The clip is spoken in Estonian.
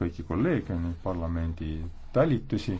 kõiki kolleege ning parlamendi talitusi.